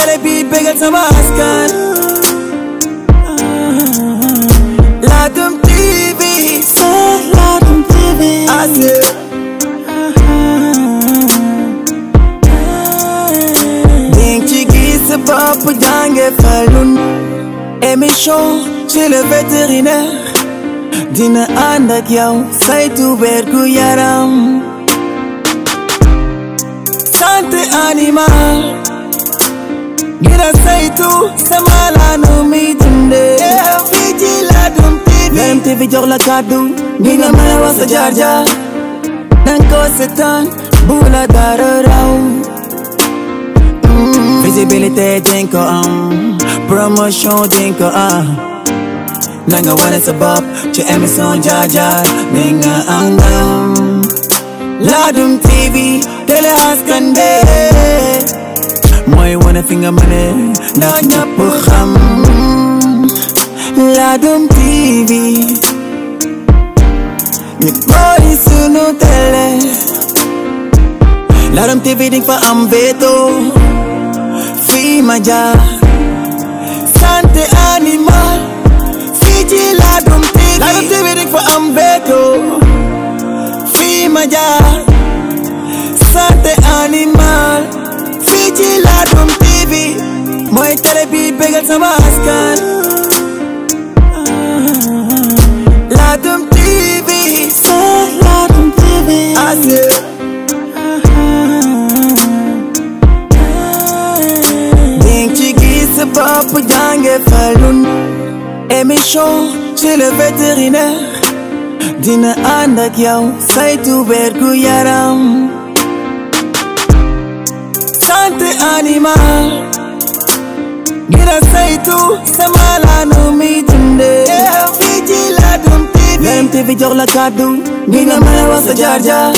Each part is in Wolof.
télé bi bégal sama askan Ladoum TV c'est Ladoum TV ning ci gis sa bopp jànge falun émission chez le vétérinaire dina ànd ak yow saytu wér animal ngir a sama laanu mi dundee. teew fii ci Ladoum TV. Ladoum TV jox la kàddu. mi nga mën a sa jaar jaar. dara raw. Mm. visibilité dinga am promotion dinga am. nanga wane sa bopp ci émission jaar jaar mi nga am ndam. Ladoum TV télé askan mëne fi nga mëne ndax ñëpp xam Ladoum TV ñu mooy sunu télé Ladoum TV di fa am veto fii ma jaar santé animal fii ci Ladoum TV Ladoum TV di fa am veto fii ma jaar santé animal télé bi bégal sama askan Ladoum TV c'est Ladoum TV di nga ci gis sa bopp jànge falun émission chez le vétérinaire dina ànd ak yow yaram santé animal ngir a sama laanu mi dundee. fii la MTV jox la kàddu. mi nga mën a sa jaar jaar.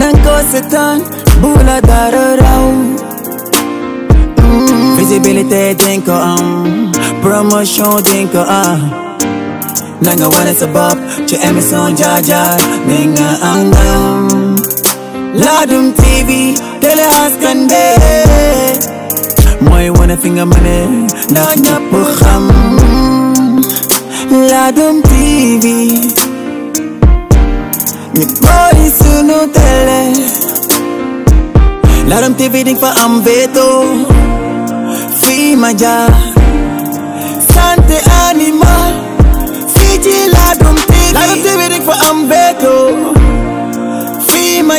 danga ko seetaan bu dara raw. Mm-hmm. visibilité dinga am. promotion dinga am. na nga wane ci émission jaar jaar ni nga am ndam. Ladoum TV télé askan bi. mooy wane fi nga mëne ndax ñëpp xam Ladoum TV ñu mooy sunu télé Ladoum TV dinga fa am veto fii ma jaar animal fii ci Ladoum TV Ladoum TV fa am veto fii ma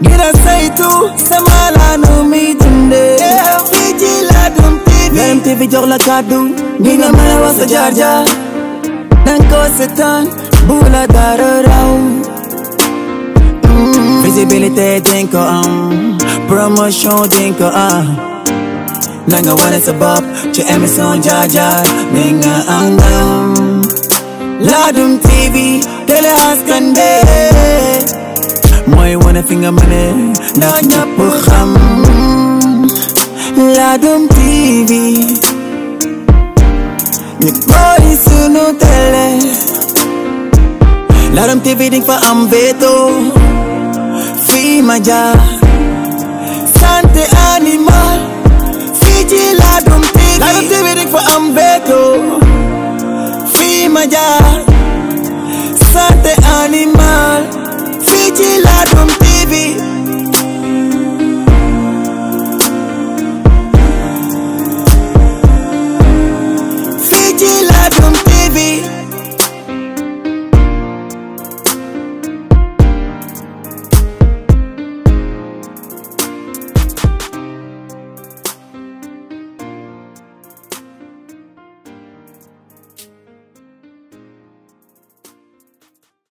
ngir a sama laanu mi dundee. fii ci jox la kàddu. ñi nga mën a wax sa jaar jaar. danga ko seetaan bu dara raw. Mm-hmm. visibilité dinga am promotion dinga am. nanga wane sa bopp ci émission jaar jaar ni am ndam. Ladoum TV télé askan bi. mooy wane fi nga mëne ndax ñëpp xam Ladoum TV ñu koy sunu télé Ladoum TV ding fa am veto fii ma jaar santé animal Classroom TV.